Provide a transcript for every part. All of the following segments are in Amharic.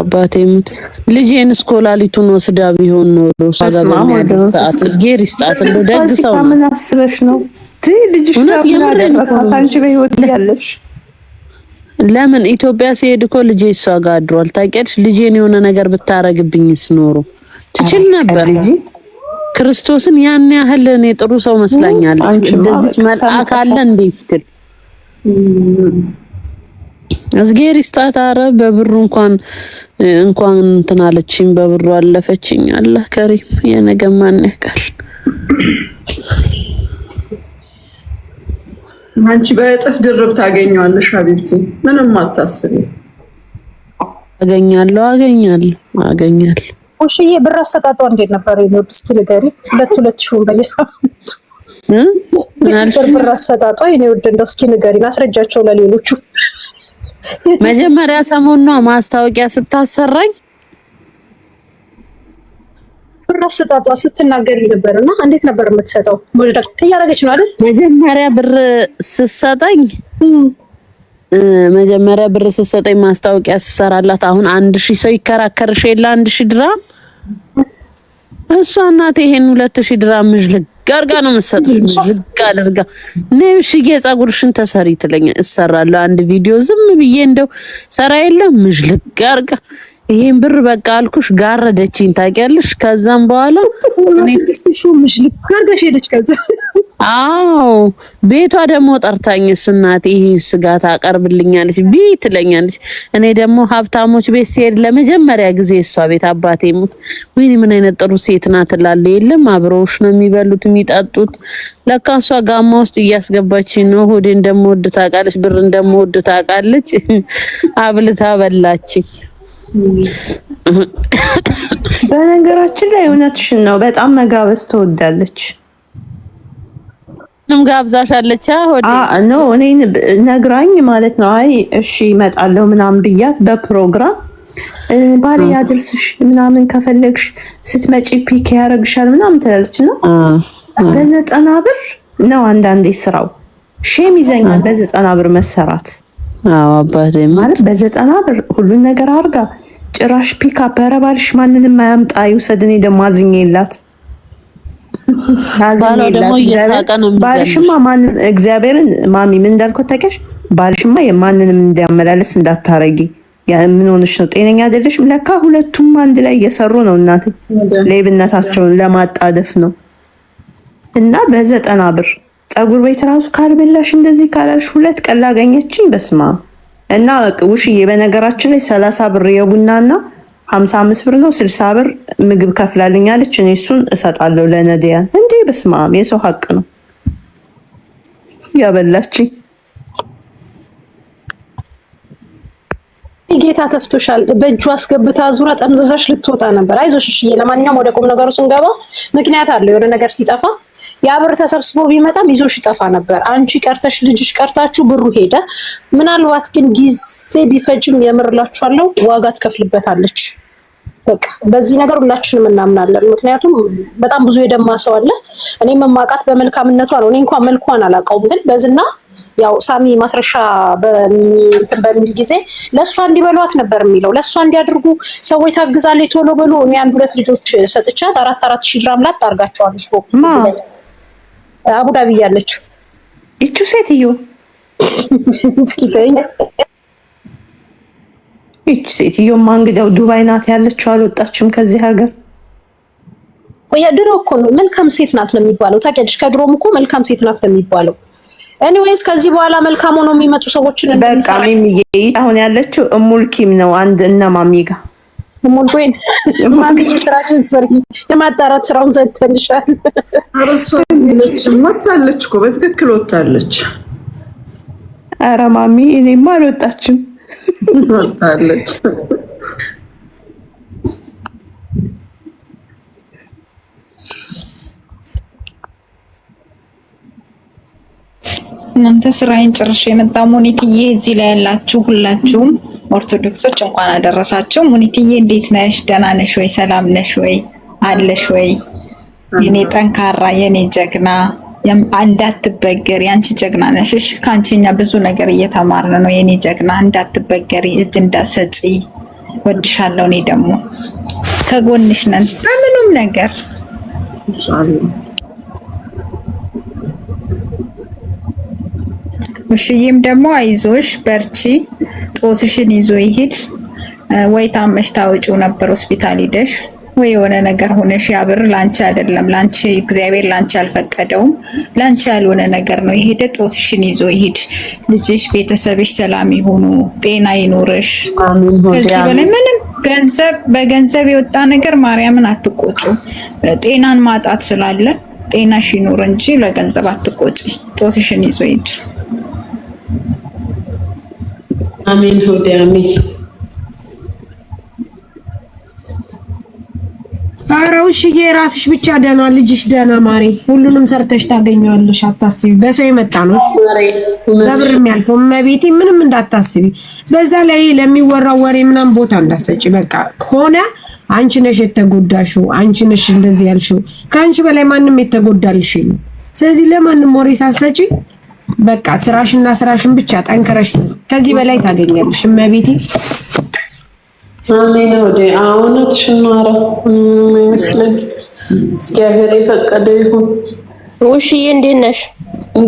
አባቴ ሙት ልጄን እስኮላሊቱን ወስዳ ቢሆን ኖሮ ሰዓት ደግ ሰው ምን አስበሽ ነው? ለምን ኢትዮጵያ ሲሄድ እኮ ልጄ እሷ ጋር አድሯል። ታውቂያለሽ? ልጄን የሆነ ነገር ብታረግብኝስ ኖሮ ትችል ነበር። ክርስቶስን ያን ያህል እኔ ጥሩ ሰው መስላኛለች። እንደዚህ መልአክ አለ እንዴ ስትል እዝጌር ይስጣት። አረ በብሩ እንኳን እንኳን እንትን አለችኝ፣ በብሩ አለፈችኝ። አለ ከሪም የነገ ማን ያውቃል? አንቺ በእጥፍ ድርብ ታገኘዋለሽ ሀቢብቲ፣ ምንም አታስቢ። አገኛለሁ አገኛለሁ አገኛለሁ። እሺ፣ ብር አሰጣጧ እንዴት ነበር? ይሄ ነው እስኪ ንገሪ። ሁለት ሁለት ሺህ በየሳምንቱ ብርብር አሰጣጧ የኔ ውድ እንደው እስኪ ንገሪን፣ አስረጃቸው ለሌሎቹ። መጀመሪያ ሰሞኗ ማስታወቂያ ስታሰራኝ ብር አሰጣጧ ስትናገሪ ነበር እና እንዴት ነበር የምትሰጠው? ሞጅዳቅ እያደረገች ነው አይደል? መጀመሪያ ብር ስሰጠኝ መጀመሪያ ብር ስሰጠኝ ማስታወቂያ ስሰራላት አሁን አንድ ሺህ ሰው ይከራከርሽ የለ አንድ ሺህ ድራም እሷ እናቴ ይሄን ሁለት ሺህ ድራም ምዥልግ ጋርጋ ነው የምትሰጡሽ። ዝጋ አድርጋ ነሽ የጸጉርሽን ተሰሪ ትለኝ እሰራለሁ። አንድ ቪዲዮ ዝም ብዬ እንደው ሰራ የለም ምሽልቅ ጋርጋ ይሄን ብር በቃ አልኩሽ፣ ጋረደችኝ ታውቂያለሽ። ከዛም በኋላ እኔ ምሽልቅ ጋርጋሽ ሄደች ከዛ አዎ ቤቷ ደግሞ ጠርታኝ ስናት ይሄ ስጋ ታቀርብልኛለች ቢ ትለኛለች። እኔ ደግሞ ሀብታሞች ቤት ሲሄድ ለመጀመሪያ ጊዜ እሷ ቤት አባቴ ሙት ወይኔ ምን አይነት ጥሩ ሴት ናት ላለ የለም አብረውሽ ነው የሚበሉት የሚጠጡት። ለካ እሷ ጋማ ውስጥ እያስገባች ነው። ሆዴ እንደምወድ ታውቃለች፣ ብር እንደምወድ ታውቃለች። አብልታ በላችኝ። በነገራችን ላይ እውነትሽን ነው፣ በጣም መጋበዝ ትወዳለች። ንም ጋብዛሻለች ኖ እኔ ነግራኝ ማለት ነው። አይ እሺ እመጣለሁ ምናምን ብያት በፕሮግራም ባሌ ያድርስሽ ምናምን ከፈለግሽ ስትመጪ ፒክ ያደርግሻል ምናምን ትላለች እና በዘጠና ብር ነው አንዳንዴ ስራው ሼም ይዘኛል። በዘጠና ብር መሰራት ማለት በዘጠና ብር ሁሉን ነገር አርጋ ጭራሽ ፒክ አበረባልሽ ማንንም አያምጣ ይውሰድ። እኔ ደግሞ አዝኜ የላት ባልሽማ ማን እግዚአብሔርን ማሚ ምን እንዳልኩት ታውቂያለሽ? ባልሽማ የማንንም እንዲያመላለስ እንዳታረጊ። ምን ሆነሽ ነው? ጤነኛ አይደለሽም። ለካ ሁለቱም አንድ ላይ እየሰሩ ነው። እናት ሌብነታቸውን ለማጣደፍ ነው። እና በዘጠና ብር ፀጉር ቤት ራሱ ካልበላሽ እንደዚህ ካላልሽ ሁለት ቀን ላገኘችኝ በስማ እና ውሽዬ፣ በነገራችን ላይ ሰላሳ ብር የቡናና ሀምሳ አምስት ብር ነው ስልሳ ብር ምግብ ከፍላልኛለች። እኔ እሱን እሰጣለሁ ለነዳያን። እንዴ በስመ አብ የሰው ሀቅ ነው ያበላችኝ። ጌታ ተፍቶሻል። በእጁ አስገብታ ዙራ ጠምዘዛሽ ልትወጣ ነበር። አይዞሽ ለማንኛውም ወደ ቁም ነገሩ ስንገባ ምክንያት አለው የሆነ ነገር ሲጠፋ ያ ብር ተሰብስቦ ቢመጣም ይዞሽ ይጠፋ ነበር። አንቺ ቀርተሽ ልጅሽ ቀርታችሁ ብሩ ሄደ። ምናልባት ግን ጊዜ ቢፈጅም የምርላችኋለው ዋጋ ትከፍልበታለች። በቃ በዚህ ነገር ሁላችንም እናምናለን። ምክንያቱም በጣም ብዙ የደማ ሰው አለ። እኔ መማቃት በመልካምነቷ ነው። እኔ እንኳን መልኳን አላውቀውም፣ ግን በዝና ያው ሳሚ ማስረሻ በሚል በሚል ጊዜ ለእሷ እንዲበሏት ነበር የሚለው። ለእሷ እንዲያድርጉ ሰዎች ታግዛለች፣ ቶሎ በሉ። እኔ አንድ ሁለት ልጆች ሰጥቻት አራት አራት ሺ ድራም ላት አድርጋቸዋለች አቡዳቢ ያለችው ይቹ ሴትዮ ይቺ ሴትዮማ እንግዲያው ዱባይ ናት ያለችው፣ አልወጣችም ከዚህ ሀገር። ቆያ ድሮ እኮ ነው መልካም ሴት ናት ለሚባለው የሚባለው። ታውቂያለሽ፣ ከድሮም እኮ መልካም ሴት ናት ለሚባለው። የሚባለው። ኤኒዌይስ ከዚህ በኋላ መልካም ሆኖ የሚመጡ ሰዎችን በቃ ሚሚዬ፣ አሁን ያለችው እሙልኪም ነው አንድ እነማሚ ጋር ሙሉን ማግኘትራችን ስሪ የማጣራት ስራውን ሰጥተንሻል። አረሷ ወታለች እኮ በትክክል ወጣለች አረ ማሚ እኔማ አልወጣችም ወታለች። እናንተ ስራዬን ጭርሽ የመጣ ሙኒትዬ፣ እዚህ ላይ ያላችሁ ሁላችሁም ኦርቶዶክሶች እንኳን አደረሳችሁ። ሙኒትዬ እንዴት ነሽ? ደህና ነሽ ወይ? ሰላም ነሽ ወይ? አለሽ ወይ? የኔ ጠንካራ፣ የኔ ጀግና፣ እንዳትበገሪ። አንቺ ጀግና ነሽ። እሺ፣ ከአንቺ እኛ ብዙ ነገር እየተማርን ነው። የኔ ጀግና፣ እንዳትበገሪ፣ እጅ እንዳሰጪ። ወድሻለሁ። እኔ ደግሞ ከጎንሽ ነን በምኑም ነገር ውሽዬም ደግሞ አይዞሽ በርቺ፣ ጦስሽን ይዞ ይሂድ ወይ ታመሽ ታውጪው ነበር ሆስፒታል ሂደሽ ወይ የሆነ ነገር ሆነሽ ያ ብር ላንቺ አይደለም፣ ላንቺ እግዚአብሔር ላንቺ አልፈቀደውም። ላንቺ ያልሆነ ነገር ነው የሄደ። ጦስሽን ይዞ ይሂድ። ልጅሽ፣ ቤተሰብሽ ሰላም ይሁኑ፣ ጤና ይኑርሽ። ከዚህ በላይ ምንም ገንዘብ በገንዘብ የወጣ ነገር ማርያምን አትቆጩ። ጤናን ማጣት ስላለ ጤናሽ ይኖር እንጂ ለገንዘብ አትቆጪ። ጦስሽን ይዞ ይሂድ። አሜን ሆዴ አሜን። ኧረ ውሽዬ ራስሽ ብቻ ደህና፣ ልጅሽ ደህና ማሬ። ሁሉንም ሰርተሽ ታገኘዋለሽ፣ አታስቢ። በሰው የመጣ ነው በብር የሚያልፈው። እመቤቴ ምንም እንዳታስቢ። በዛ ላይ ለሚወራው ወሬ ምናምን ቦታ እንዳሰጪ። በቃ ከሆነ አንቺ ነሽ የተጎዳሽው፣ አንቺ ነሽ እንደዚህ ያልሽው። ከአንቺ በላይ ማንም የተጎዳልሽ። ስለዚህ ለማንም ወሬ ሳሰጪ በቃ ስራሽና ስራሽን ብቻ ጠንክረሽ ከዚህ በላይ ታገኛለሽ። እመቤቴ አሜን። ወደ እውነትሽን ነው። ኧረ ይመስለኝ እግዚአብሔር የፈቀደ ይሁን። ውሽዬ እንዴት ነሽ?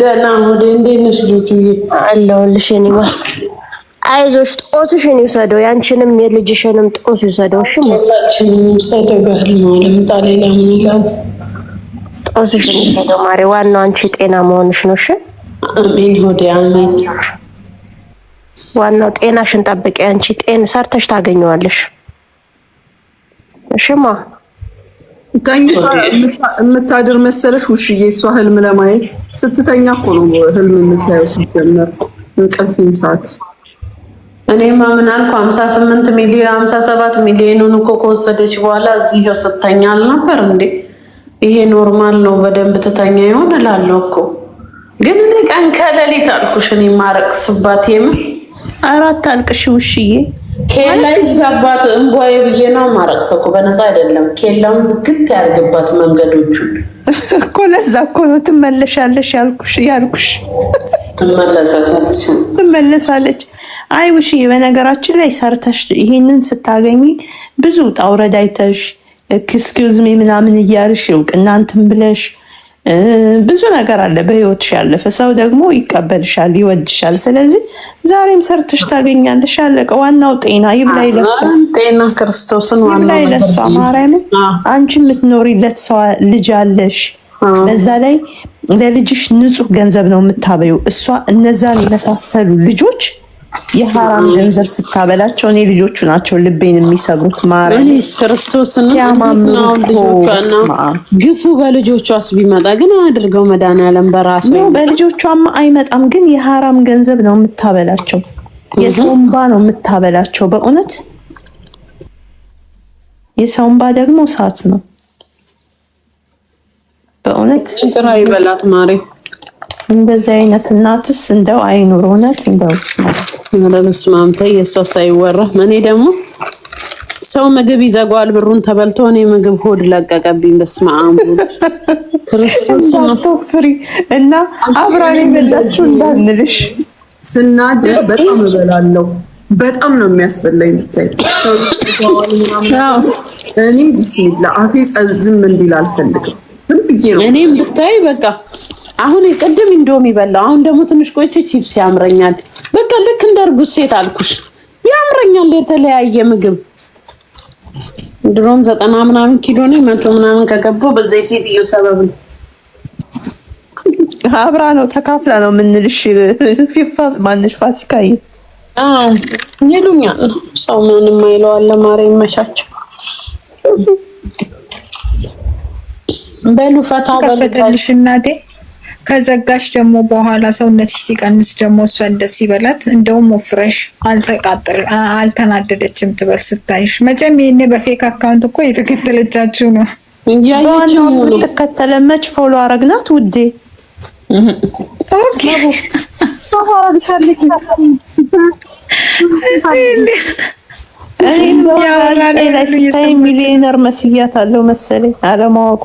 ደህና ወደ እንዴት ነሽ? ጆጆዬ አለሁልሽ። እኔማ አይዞሽ፣ ጦስሽን ይውሰደው፣ ያንቺንም የልጅሽንም ጦስ ይውሰደው። እሺ ሞታችን ይውሰደው። ባህል ነው ለምጣ ሌላ ምን ይላል? ጦስሽን ይውሰደው። ማሪ ዋናው አንቺ ጤና መሆንሽ ነው። እሺ አሜን። ሆዴ አሜን። ዋናው ጤናሽን ጠብቂ። አንቺ ጤን ሰርተሽ ታገኘዋለሽ። እሺማ ተኛ የምታድር መሰለሽ ውሽዬ? እሷ ህልም ለማየት ስትተኛ እኮ ነው ህልም የምታየው። ሲጀመር እንቅልፍን ሰዓት እኔማ ምን አልኩ፣ ሀምሳ ስምንት ሚሊዮን ሀምሳ ሰባት ሚሊዮኑን እኮ ከወሰደች በኋላ እዚህ ስትተኛ አልነበር እንዴ? ይሄ ኖርማል ነው፣ በደንብ ትተኛ ይሆን እላለሁ እኮ ቀን ከሌሊት አልኩሽ። እኔ ማረቅስባት የምር አራት አልቅሽ ውሽዬ ኬላይዝ ዝጋባት እንቧዬ ብዬ ነው ማረቅሰው እኮ በነፃ አይደለም። ኬላውን ዝግት ያርግባት መንገዶቹን እኮ ለዛ እኮ ነው ትመለሻለሽ ያልኩሽ ያልኩሽ ትመለሳለች። አይ ውሽዬ፣ በነገራችን ላይ ሰርተሽ ይሄንን ስታገኝ ብዙ ጣውረድ አይተሽ ኤክስኪውዝ ሚ ምናምን እያልሽ እውቅ እናንትን ብለሽ ብዙ ነገር አለ በህይወትሽ ያለፈ ሰው ደግሞ ይቀበልሻል፣ ይወድሻል። ስለዚህ ዛሬም ሰርተሽ ታገኛለሽ። አለቀ። ዋናው ጤና ይብላይ ለሷ ጤና ክርስቶስን ይብላይ ለሷ ማርያምን። አንቺ የምትኖሪለት ሰው ልጅ አለሽ። በዛ ላይ ለልጅሽ ንጹህ ገንዘብ ነው የምታበዩ። እሷ እነዛን የመሳሰሉ ልጆች የሀራም ገንዘብ ስታበላቸው እኔ ልጆቹ ናቸው ልቤን የሚሰብሩት። ማረኔስ ክርስቶስን ግፉ በልጆቿስ ቢመጣ ግን አድርገው መድኃኒዓለም በራሱ በልጆቿም አይመጣም። ግን የሀራም ገንዘብ ነው የምታበላቸው፣ የሰው ነው የምታበላቸው። በእውነት የሰው ደግሞ ሰዓት ነው በእውነት ጥራ ይበላት ማሬ እንደዚህ አይነት እናትስ እንደው አይኑር። እውነት እንደው በስመ አብ የእሷ ሳይወራ እኔ ደግሞ ሰው ምግብ ይዘጓል ብሩን ተበልቶ፣ እኔ ምግብ ሆድ ለቀቀብኝ። በስመ አብ ክርስቶስ ፍሪ እና አብራኔ በላችሁ እንዳንልሽ ስናደር በጣም እበላለሁ። በጣም ነው የሚያስበላኝ። ብታይ እኔ ቢስሚላ አፌ ዝም እንዲል አልፈልግም። እኔም ብታይ በቃ አሁን ቅድም እንዶም ይበላው፣ አሁን ደግሞ ትንሽ ቆይቼ ቺፕስ ያምረኛል። በቃ ልክ እንደ እርጉዝ ሴት አልኩሽ ያምረኛል። የተለያየ ምግብ ድሮም ዘጠና ምናምን ኪሎ ነው መቶ ምናምን ከገባሁ በዛ ሴትዮ ሰበብ ነው። አብራ ነው ተካፍላ ነው የምንልሽ። ፊፋ ማንሽ ፋሲካዬ ይሉኛል። ሰው ምንም አይለዋል። ለማሪ ይመቻቸው። በሉ ፈታ በሉ እናቴ ከዘጋሽ ደግሞ በኋላ ሰውነትሽ ሲቀንስ ደግሞ እሷን ደስ ይበላት። እንደውም ወፍረሽ አልተናደደችም ትበል ስታይሽ። መቼም ይህኔ በፌክ አካውንት እኮ የተከተለቻችሁ ነው። ያየችው ትከተለ መች ፎሎ አረግናት ውዴ ሚሊዮነር መስያት አለው መሰለኝ አለማወቋ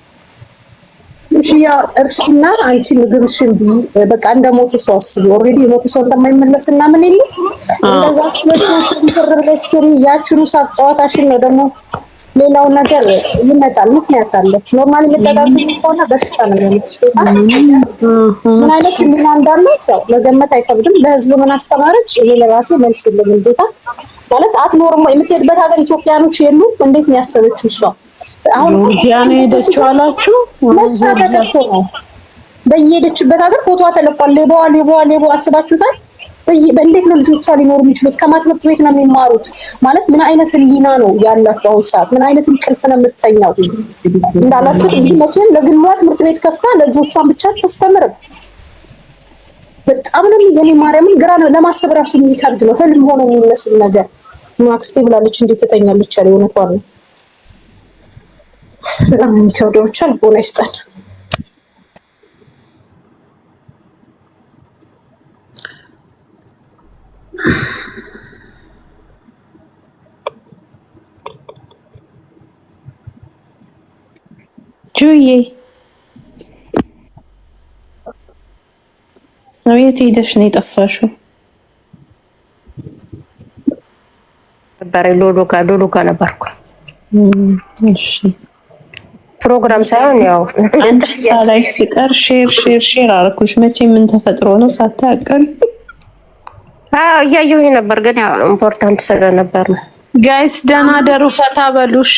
ሽያ እርሽና አንቺ ምግብ ሽንቢ በቃ እንደ ሞተ ሰው አስቢ። ኦልሬዲ የሞተ ሰው እንደማይመለስ እና ምን ይል እንደዛ ስለሽዎች ትርብለሽ ያችኑ ሳቅ ጨዋታሽን ነው ደግሞ ሌላው ነገር ይመጣል። ምክንያት አለ። ኖርማሊ የምጠጣብ ከሆነ በሽታ ነው ያለች ምን አይነት ህሊና እንዳላት ያው መገመት አይከብድም። ለህዝብ ምን አስተማረች? እኔ ለራሴ መልስ የለም። እንዴታ ማለት አትኖርም። የምትሄድበት ሀገር ኢትዮጵያኖች የሉም። እንዴት ነው ያሰበችው እሷ? ጆርጂያ ነው የሄደችው አላችሁ? መሳቀቅ እኮ ነው። በየሄደችበት ሀገር ፎቶዋ ተለቋል። ሌባዋ ሌባዋ ሌባዋ አስባችሁታል? እንዴት ነው ልጆቿ ሊኖሩ የሚችሉት? ከማን ቤት ነው የሚማሩት? ማለት ምን አይነት ህሊና ነው ያላት? በአሁኑ ሰዓት ምን አይነት እንቅልፍ ነው የምተኛው? እንዳላችሁ እንግዲህ መቼም ለግሏ ትምህርት ቤት ከፍታ ለልጆቿን ብቻ ተስተምርም። በጣም ነው የሚገኝ። ማርያምን ግራ ለማሰብ ራሱ የሚከብድ ነው። ህልም ሆኖ የሚመስል ነገር ማክስቴ ብላለች። እንዴት ትተኛለች? ያለ እውነቷን ነው በጣም የሚከብደው ብቻ ይስጠን። ጁዬ ነው የት ሄደሽ ነው የጠፋሽው? ነበርኩ። እሺ ፕሮግራም ሳይሆን ያው ላይ ሲቀር ሼር ሼር ሼር አልኩሽ። መቼ ምን ተፈጥሮ ነው ሳታውቅም እያየሁኝ ነበር፣ ግን ያው ኢምፖርታንት ስለነበር ነው። ጋይስ ደህና ደሩ፣ ፈታ በሉሽ።